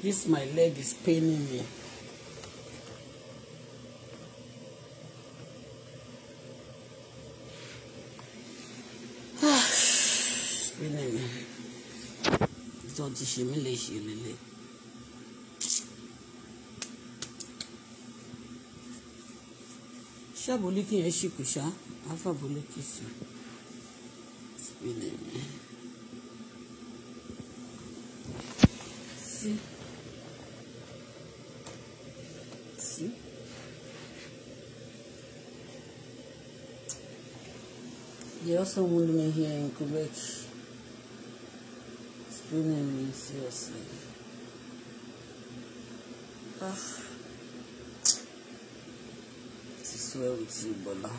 This my leg is paining me. Ah, paining me. Tí wọ́n ti ṣe mí lè ṣe lélẹ̀. Ṣé àbólíkì yẹn ṣì kù ṣá? Àfàbólíkì sí. Paining me. See? someone living here in Quebec. Spooning me, seriously. Ah. This is where we see Bola.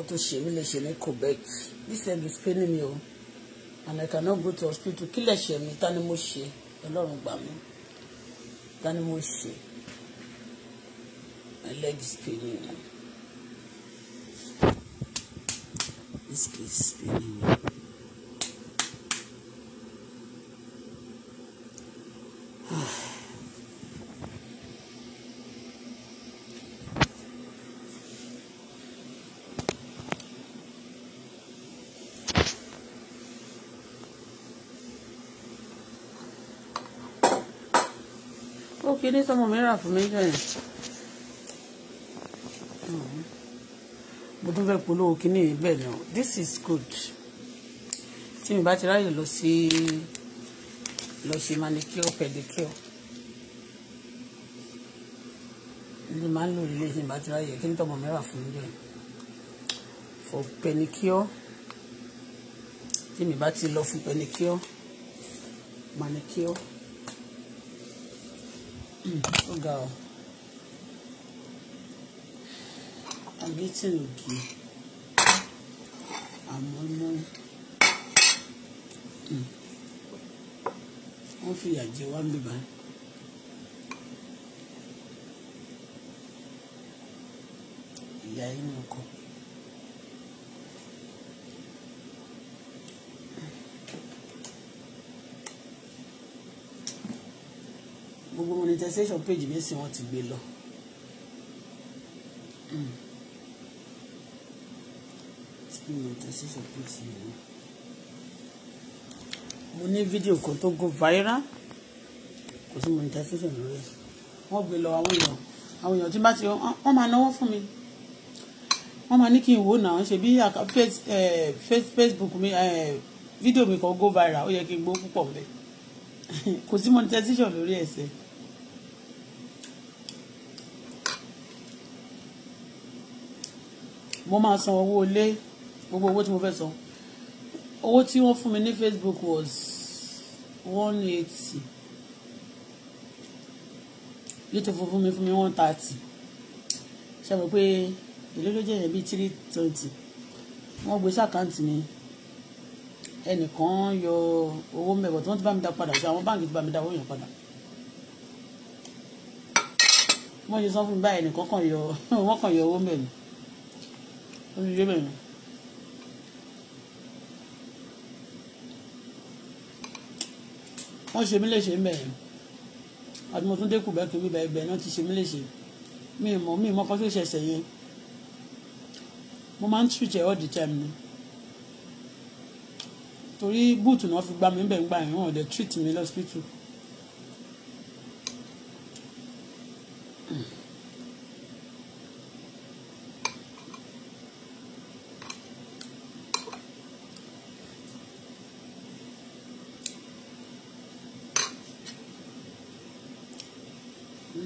wọ́n tún ṣe mí léṣe ní Quebec this end is paining me o and I cannot go to hospital kí lè ṣe mí ta mo ṣe ọlọ́run gbà mí ta mo ṣe my leg is paining me this place is paining me. kókó kíní sọmọ mi rà fún mi jọ yẹn mo tún fẹ́ polówó kíní yìí náà this is good tí mi bá ti ráyè lọ sí lọ ṣe manicure pedicure ní máa ń lò nílé tí mi bá ti ráyè kíní tọmọ mi fún mi jọ for pedicure tí mi bá ti lọ fún pedicure manicure ó ga ọ agétìn òkè àmọ́ náà hmm. wọ́n fìyà jẹ wá mi báyìí. ìyá inú ọkọ̀. monetization page mi sì wọ́n ti gbé lọ. Hmm. monetization page mi mo ní fídíò kan tó go viral kò sí monetization lórí ẹ̀ wọ́n gbé lọ àwọn èèyàn àwọn èèyàn tí bá ti wọ́n máa náwó fún mi wọ́n máa ní kí n wò náà ṣe bí Facebook mi fídíò mi kan go viral ó yẹ kí n gbó púpọ̀ bẹ́ẹ̀ kò sí monetization lórí ẹ̀sẹ̀. mo máa san owó ilé gbogbo owó tí mo fẹ́ san owó tí wọ́n fún mi ní Facebook was one eighty youtube fún mi fún mi one thirty ṣe mọ̀ pé èlé ló jẹ́ yẹn bíi three twenty wọ́n gbé sàkáǹtì mi ẹnìkan yọ owó mẹ́wọ̀ tí wọ́n ti bá mi dá padà sí àwọn báǹkì ti bá mi dá owó yẹn padà wọ́n ṣe sọ fún mi báyìí ẹnìkan kàn yọ wọ́n kàn yọ owó mẹ́wọ̀ ó ti dé bẹ̀rẹ̀. wọ́n ṣe mí léṣe ń bẹ̀rẹ̀ àti mo tún dé kù bẹ́ẹ̀ kí bíbẹ̀ ibẹ̀ náà ti ṣe mí léṣe mi mọ̀ mi mọ̀ kọ́ tó ṣẹ̀ṣẹ̀ yẹn mo máa ń switch all the time ni torí búùtù náà fi gbá mi ń bẹ̀ ń gbà yẹn wọ́n ò dẹ̀ mi lọ́sibítù.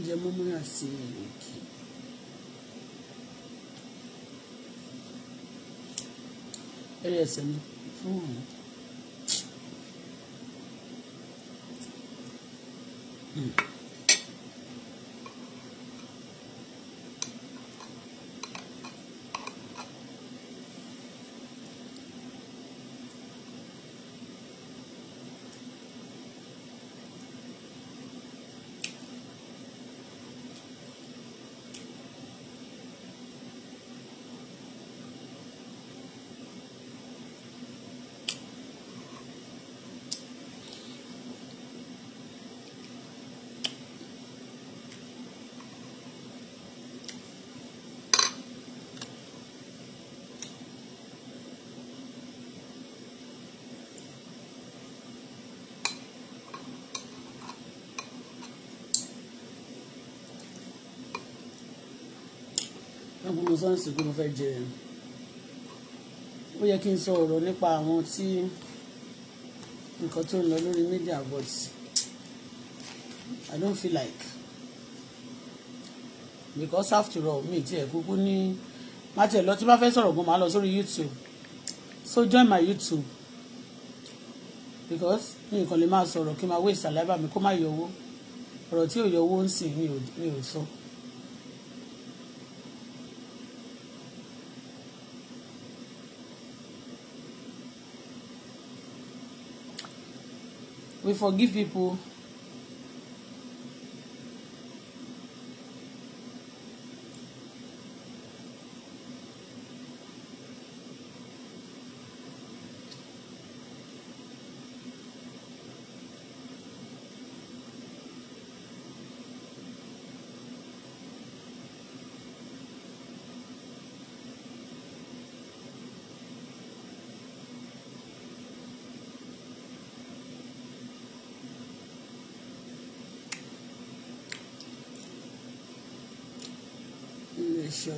de mamãe assim, ìrèké. ẹ̀rẹ̀ ẹ̀sẹ̀ hum tí mo sọ ń sìn pé fẹ́ jẹ ó yẹ kí n sọ ọ̀rọ̀ nípa àwọn tí nǹkan tó ń lọ lórí media but I don't feel like because after all mi ti ẹ̀ kúkú ní má tiẹ̀ lọ tí bá fẹ́ sọ̀rọ̀ gan máa lọ sórí YouTube so join my YouTube because mi nǹkan lè máa sọ̀rọ̀ kí n máa waste saliva mi kó má yọ owó ọ̀rọ̀ tí ò yọ owó ń sìn mi ò sọ. So. we forgive people lè ṣe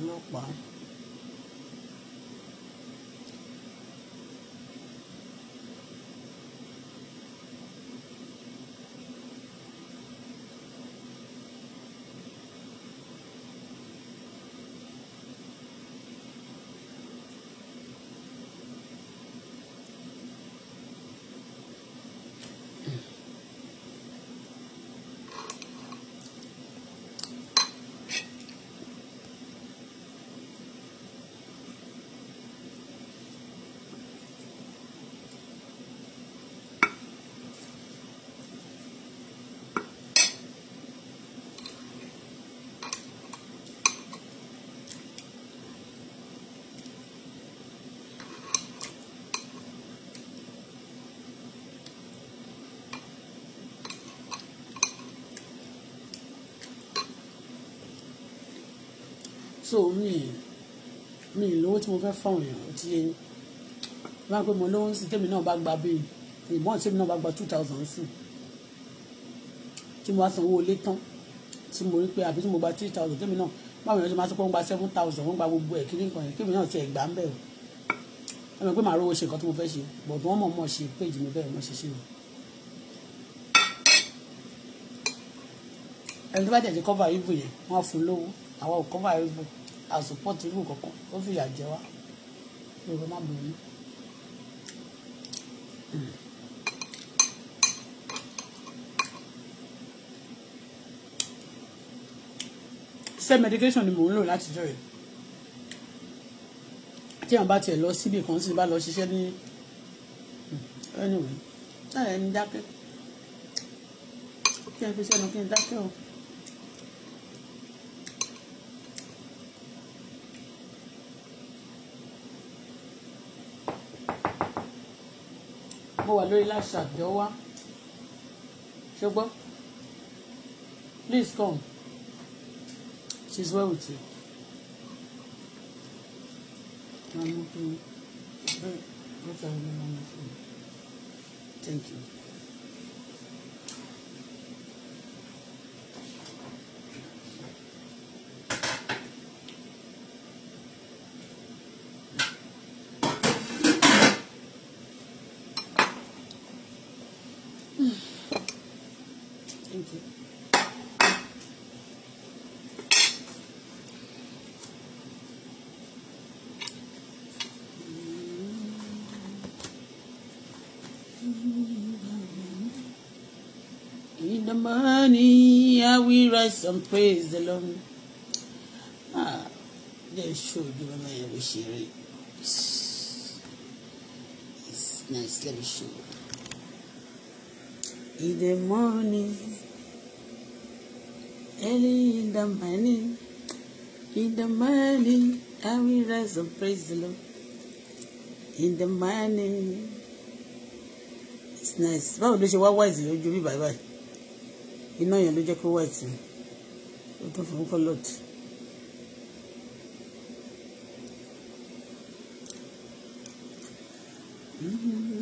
so mi mi lówó tí mo fẹ́ fáwọn èèyàn ti yẹ bá pé mo lówó ń sin tèmi náà bá gba bíi ìbọn tèmi náà bá gba two thousand sí tí mo bá san owó ilé tán tí mo rí pé àbí tí mo gba three thousand tèmi náà báwọn èèyàn ṣe máa sọ pé wọ́n gba seven thousand wọ́n gba gbogbo ẹ̀ kí ní nǹkan yẹn tèmi náà ti ẹ̀ gbà ń bẹ̀ o ẹ mọ̀ pé màá rówó ṣe nǹkan tí mo fẹ́ ṣe bọ̀dù wọn mọ̀ mọ̀ ṣe péjì mi bẹ́ẹ̀ mọ̀ ṣe ṣe mi. ẹni tó bá tẹ̀ sí cover ibu yẹn wọ́n fún lówó àwa ò cover ibu àsopọ̀tì irú kankan ó fìyà jẹ wá mi ò má bẹ̀rù. self medication ni mò ń lò láti jọ yìí tí àwọn bá tiẹ̀ lọ síbi kan sí bá lọ ṣiṣẹ́ ní anyway táyà ẹni dákẹ́ kí ẹ fi sẹ́nu kí n dákẹ́ o. mo wà lórí láṣà jọ wá ṣùgbọ́n please come she's well with you. Thank you. the morning, I will rise and praise the Lord. Ah, they showed you my every sharing. It's nice, let me show you. In the morning, early in the morning, in the morning, I will rise and praise the Lord. In the morning, it's nice. Báwo ló ṣe wá wáìsì lójú bí bàbá yìí? iná yẹn ló jẹ́ kó white mi ó tó fún colored. Mm-hmm.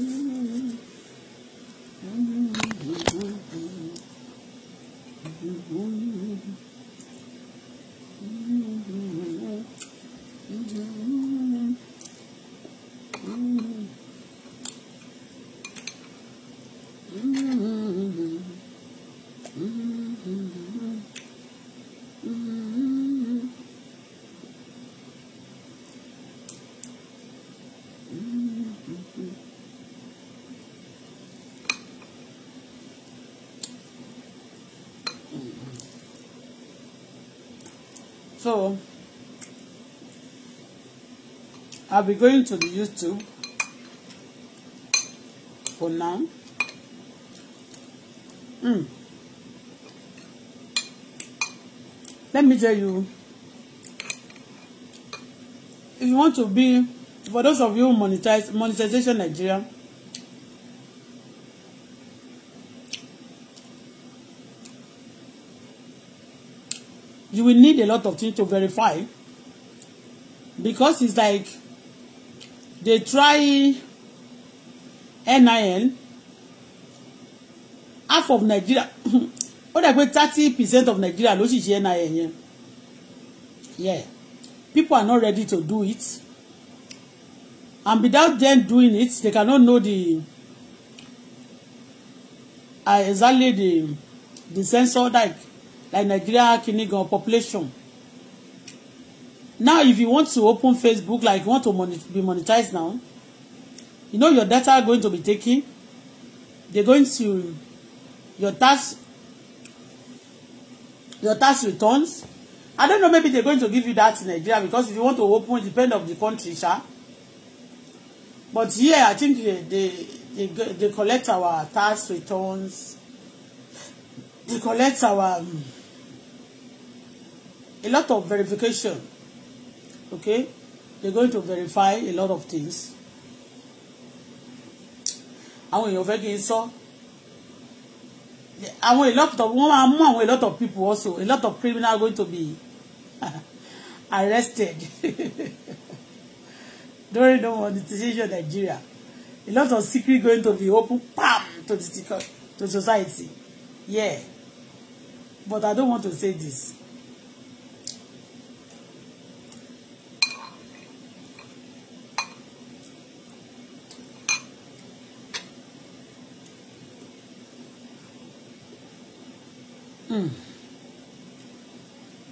so I'll be going to the YouTube for now mm. let me tell you if you want to be for those of you monetize monetization Nigeria you will need a lot of things to verify because it's like they try NIN half of Nigeria ó dà pé thirty percent of Nigeria ló sì ṣe NIN yẹn yeah people are not ready to do it and without them doing it they cannot know the uh, exactly the the sensor like like Nigeria Kinigan population. Now, if you want to open Facebook, like you want to monet be monetized now, you know your data going to be taken. They're going to your tax your tax returns. I don't know, maybe they're going to give you that in Nigeria because if you want to open, depend depends on the country, sha. But here, yeah, I think they, they, they, they collect our tax returns. They collect our... Um, a lot of verification okay they're going to verify a lot of things àwọn èèyàn fẹ́ kí n sọ àwọn a lot of wọ́n máa mú àwọn a lot of people also a lot of criminals going to be arrested during the monetization Nigeria a lot of secret going to be open pam to the to society yeah but I don't want to say this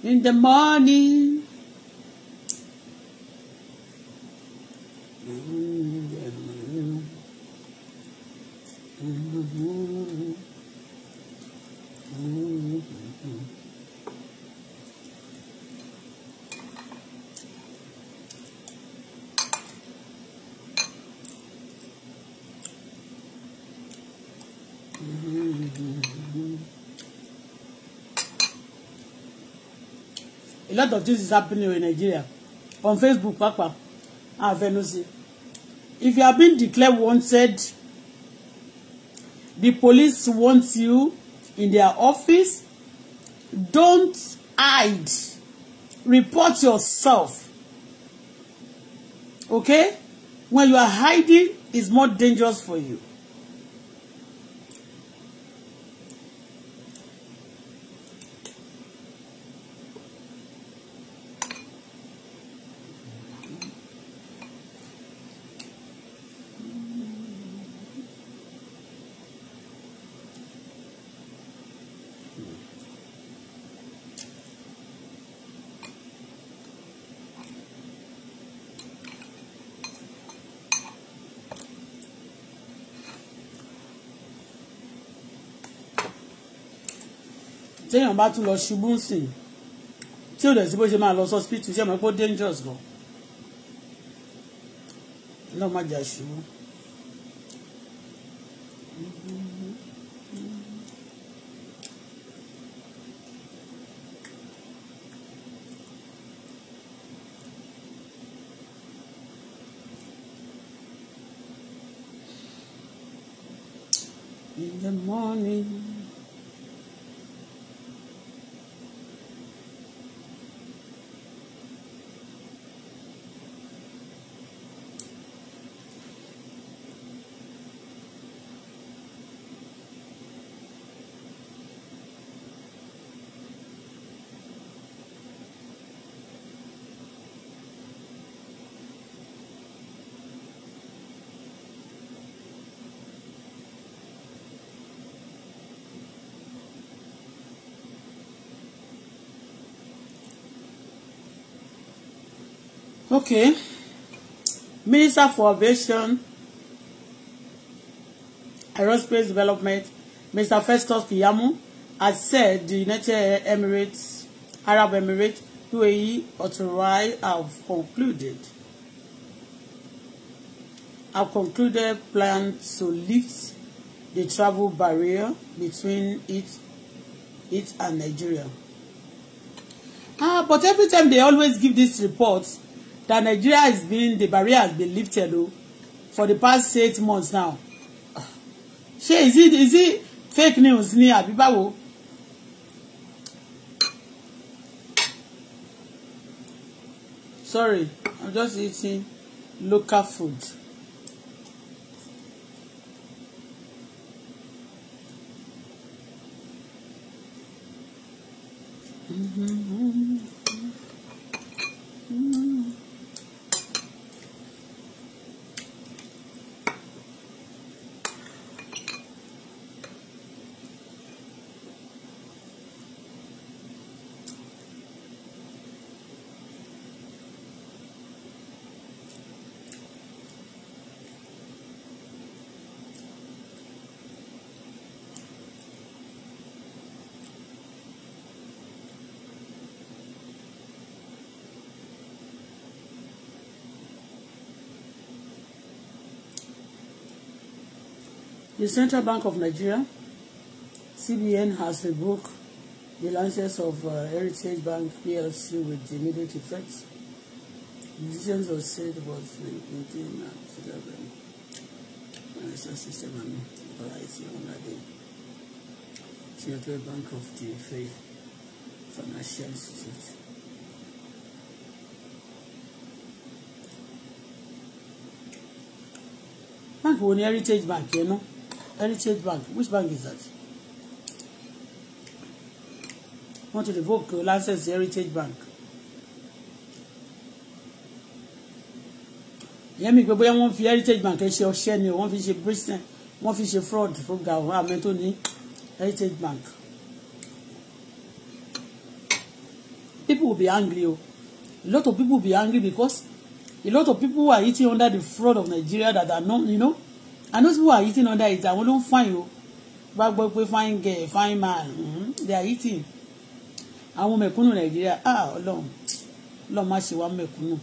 In the morning, a lot of things is happening in Nigeria on Facebook papa afẹnusi if you have been declared wanted the police want you in their office don't hide report yourself okay when you are hiding is more dangerous for you téèyàn bá tún lọ ṣubú sìn tí ò dẹ̀ sí bó ṣe máa lọ sọ́spítù ṣé mọ̀ pé ó dangerous gan lọ́ọ́ má jà ṣubú. Okay. Minister for Aviation, Aerospace Development, Mr. Festus Kiyamu, has said the United Emirates, Arab Emirates, UAE, authorized have concluded have concluded plans to lift the travel barrier between it it and Nigeria. Ah, but every time they always give these reports that Nigeria has been the barrier has been lifted oh, for the past eight months now ṣé is it is it fake news ni àbí báwo. sorry I'm just eating local food. Mm-hmm. Mm-hmm. mm-hmm. The Central Bank of Nigeria, CBN, has revoked the license of uh, Heritage Bank PLC with immediate effect. The decisions of said was maintained at 11. Financial system and variety under the Central Bank of the Faith Financial Institute. Bank wo Heritage Bank you know. Heritage Bank which bank is that want to revoke your license Heritage Bank ìyẹn mi pé bóyá wọ́n fi Heritage Bank ẹ ṣe share me wọ́n fi ṣe business wọ́n fi ṣe fraud fún gàwọ́ àmì tó Heritage Bank people will be angry oh! a lot of people will be angry because a lot of people are eating under the fraud of Nigeria that are not you know and those people are eating under it àwọn ló ń fine o bá gbọ́ pé fine girl fine man mm, they are eating àwọn mẹ̀kúnnù nàìjíríà ah ọlọ́run ọlọ́run má ṣe wá mẹ̀kúnnù.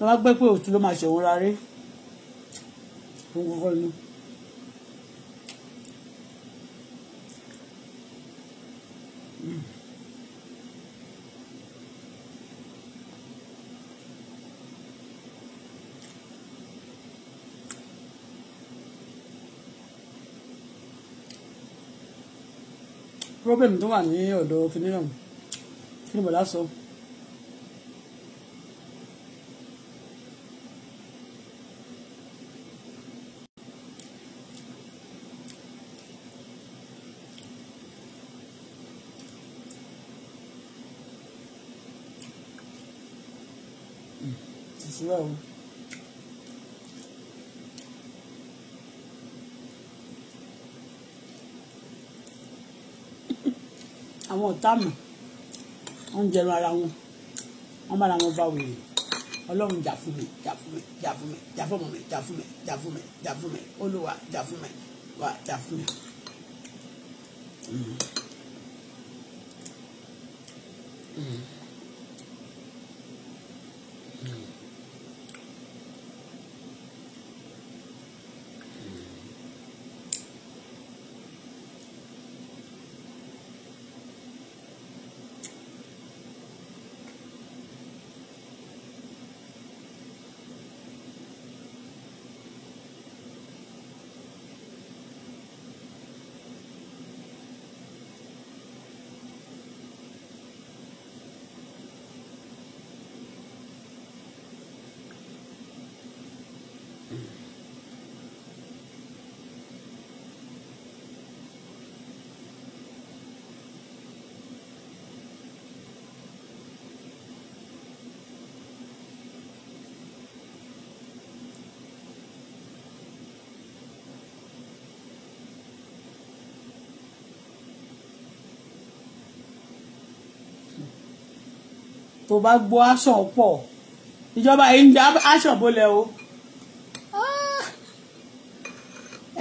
wọ́n bá gbẹ́ pé òtún ló máa ṣẹ̀wọ́n rárẹ́ òun kọ́kọ́ ni. problem tó wà ní ọ̀dọ̀ kìnìún kí ni bọ̀dá sọ. Hmm, well. àwọn ọ̀tá mi wọ́n ń jẹun ara wọn wọ́n bára wọn bá wèrè ọlọ́run jà fún mi jà fún mi jà fún mi jà fún mi jà fún mi jà fún mi jà fún mi olúwa jà fún mi wà jà fún mi. Mm-hmm. Mm-hmm. tó bá gbọ́ aṣọ pọ̀ ìjọba yìí ń da aṣọ bolẹ̀ o ah.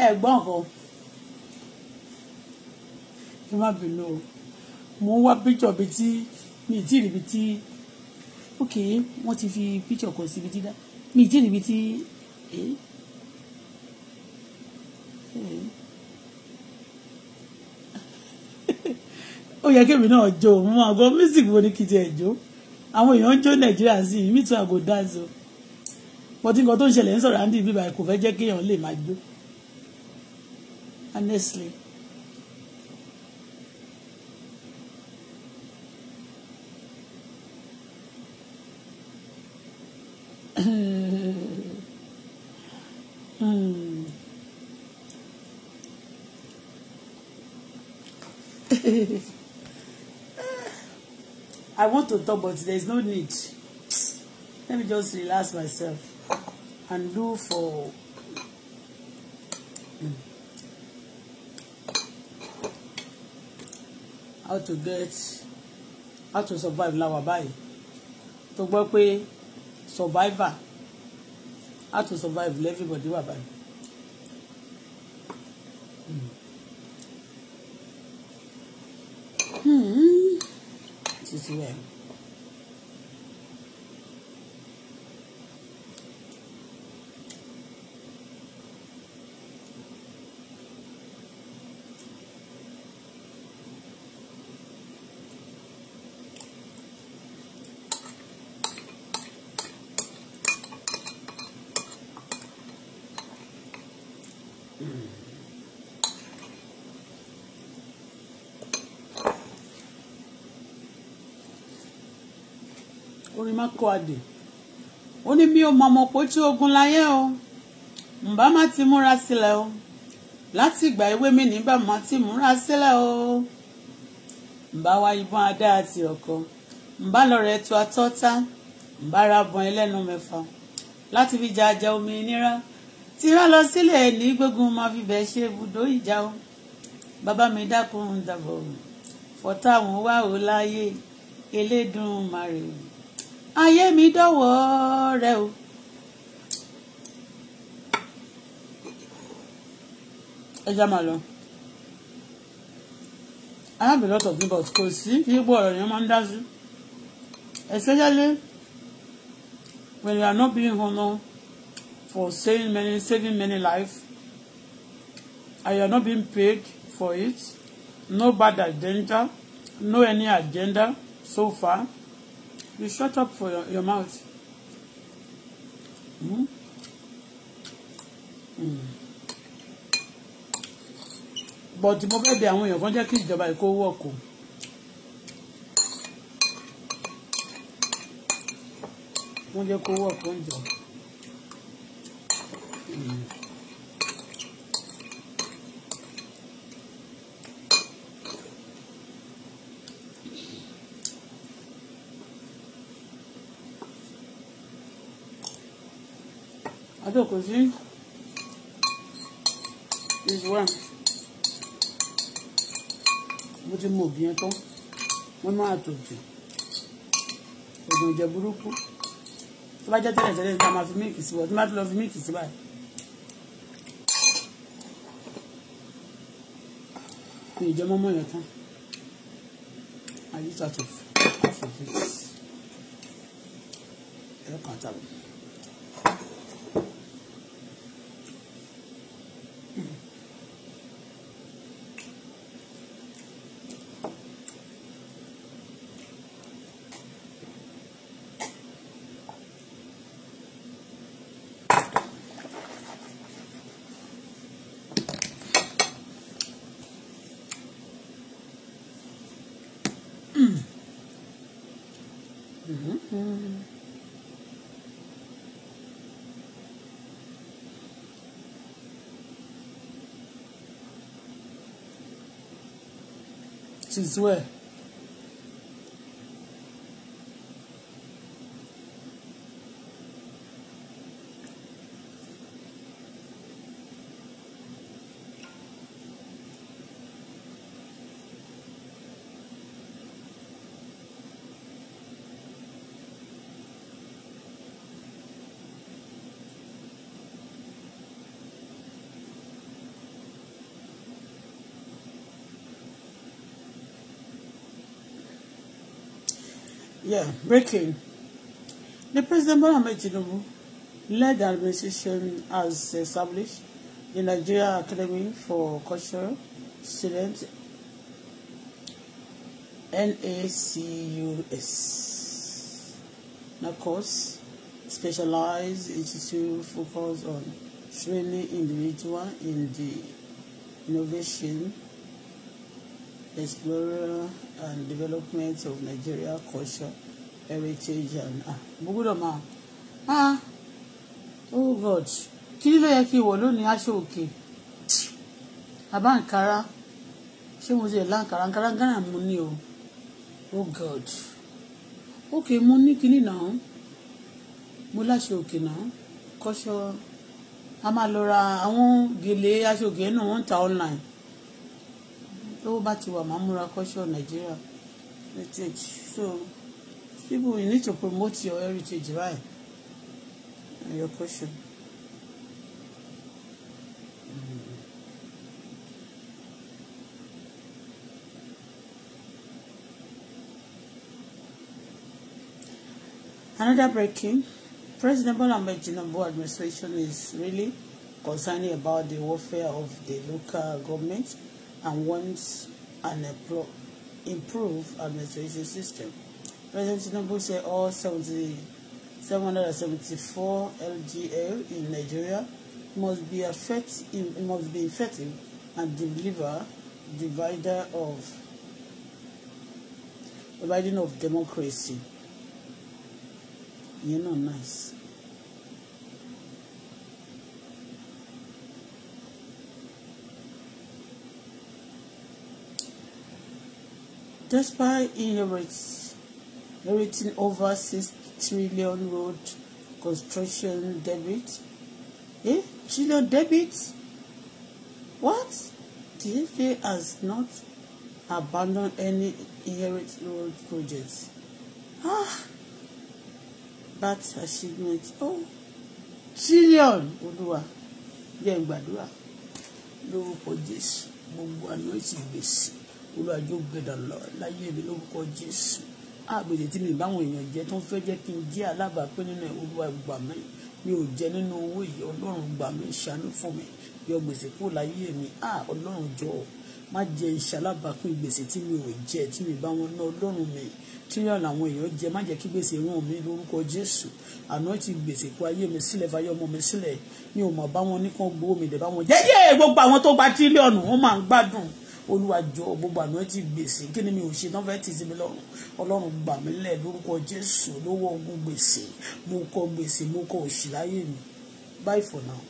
ẹ gbọ́ nǹkan ẹ má bínú o mo ń wá píṣọ̀ bíi tí mi tí ì tí ok wọ́n ti fi píṣọ̀ kan síbi tí dá mi ì tí ì ríbi tí ó yẹ kí èmi náà jó mo máa gbọ́ mísìkì wo ni kìí ti jó àwọn èèyàn ń jó nàìjíríà sí i mítú àgò dáńsó pọtí nǹkan tó ń ṣẹlẹ̀ ń sọ̀rọ̀ àǹdí bíbá kò fẹ́ jẹ́ kéèyàn lè máa jó honestly. Hmm. I want to talk, but there's no need. Let me just relax myself and do for. Hmm, how to get how to survive now, báyìí To gbọ́ pé survivor how to survive everybody wà báyìí. Mm. títí yẹn. orin má kọ àdè ó ní bí o mọ ọmọ pójú ogun láyé o ǹbá má ti múra sílẹ̀ o láti ìgbà èwe mi nígbà má ti múra sílẹ̀ o ǹbá wá ìbọn adá àti ọ̀kọ ǹbá lọ́rẹ̀ ètò àtọ́ta ǹbá ra bọn ẹlẹ́nu mẹ́fà láti fi jàjà omi nira tìrá lọ sílẹ̀ ní gbógun máa fi bẹ̀ ṣe ibùdó ìjà o bàbá mi dákun dàbọ̀ fọ́tà wọn wá o láyé elédùn màrè ayé mi dọ̀wọ́ rẹ o. ẹ já máa lọ I have a lot of neighbors kò sí gbogbo ọ̀rọ̀ yẹn máa ń dá sí especially when you are not being honoured for saving many saving many lives. and you are not being paid for it no bad agenda no any agenda so far You shut up for your, your mouth. Mm. Mm. But mo fẹ́ bẹ̀ àwọn èèyàn kan jẹ́ kí ìjọba Èkó wọ̀kù. Wọ́n jẹ́ kó wọ̀kù ń jọ. Mm. tomato kò sí is one mo ti mọ òbí yẹn tán wọ́n máa tò jù ọ̀gbọ̀n ìjẹ burúkú tó bá jẹ́ tẹ́lẹ̀ tẹ́lẹ̀ tí a máa fi mílìkì sí wọ́n tí máa fi lọ fi mílìkì sí báyìí. mi ìjẹ mọ́mọ́ yẹn tán tìzú ẹ̀. Yeah, breaking. The President Mohamed Tinubu led the administration has established the Nigeria Academy for Cultural Students, NACUS. NACOS specialized institute focused on training individuals in the innovation explorer and development of Nigeria culture heritage and ah mo ah oh god kí ló yẹ kí n wọ̀ lónìí aṣọ òkè àbá nkàrà ṣé mo ti lè lá gánà mo ní o oh god òkè mo ní kinní náà mo láṣọ òkè náà kọ́ṣọ́ a máa lọ ra àwọn gèlè aṣọ òkè náà wọ́n ta online lówó bá ti wà máa múra kọ́ṣọ́ nàìjíríà heritage so people you need to promote your heritage right and your culture. Another breaking. President Bola Ahmed Tinubu administration is really concerned about the welfare of the local government and wants an improved administration system. President Tinubu said all 70, 774 LGL in Nigeria must be effective, must be effective and deliver divider of dividing of democracy. You know, nice. Despite inherits, inheriting over six trillion road construction debit, eh? Trillion debit? What? The FA has not abandoned any inherit road projects. Ah, that achievement. Oh, trillion, Olúwa, jẹ́ n gbàdúrà lórúkọ Jésù gbogbo àná ti gbèsè olùwàjò gbẹdà lọ láyé mi lórúkọ jésù àgbèdè tí mi báwọn èèyàn jẹ tó ń fẹ́ jẹ́ kí n jẹ́ alábàápẹ́ nínú ẹ̀ olúwa gbà mí mi ò jẹ nínú owó yìí ọlọ́run gbà mí ṣàánú fún mi yọ gbèsè kúrò láyé mi à ọlọ́run jọ má jẹ iṣẹ́ alábàápín gbèsè tí mi ò jẹ tí mi bá wọn ná ọlọ́run mi tírílíọ̀nù làwọn èèyàn jẹ má jẹ́ kí gbèsè ràn mí lórúkọ jésù àná ti gbèsè kó ayé mi sílẹ̀ fayé ọmọ mi sílẹ̀ mi ò mọ̀ bá wọn nìkan gbowó mi dẹ̀ bá wọn gbogbo àwọn tó gba tírílíọ̀nù wọn máa ń gbádùn olúwàjọ gbogbo àná ti gbèsè kí ni mi ò ṣe tán fẹ́ tì sí mi gbà mí lẹ̀ lórúkọ jésù lọ́wọ́ ogun gbèsè mo kọ gbèsè mo kọ òṣì mi bye for now.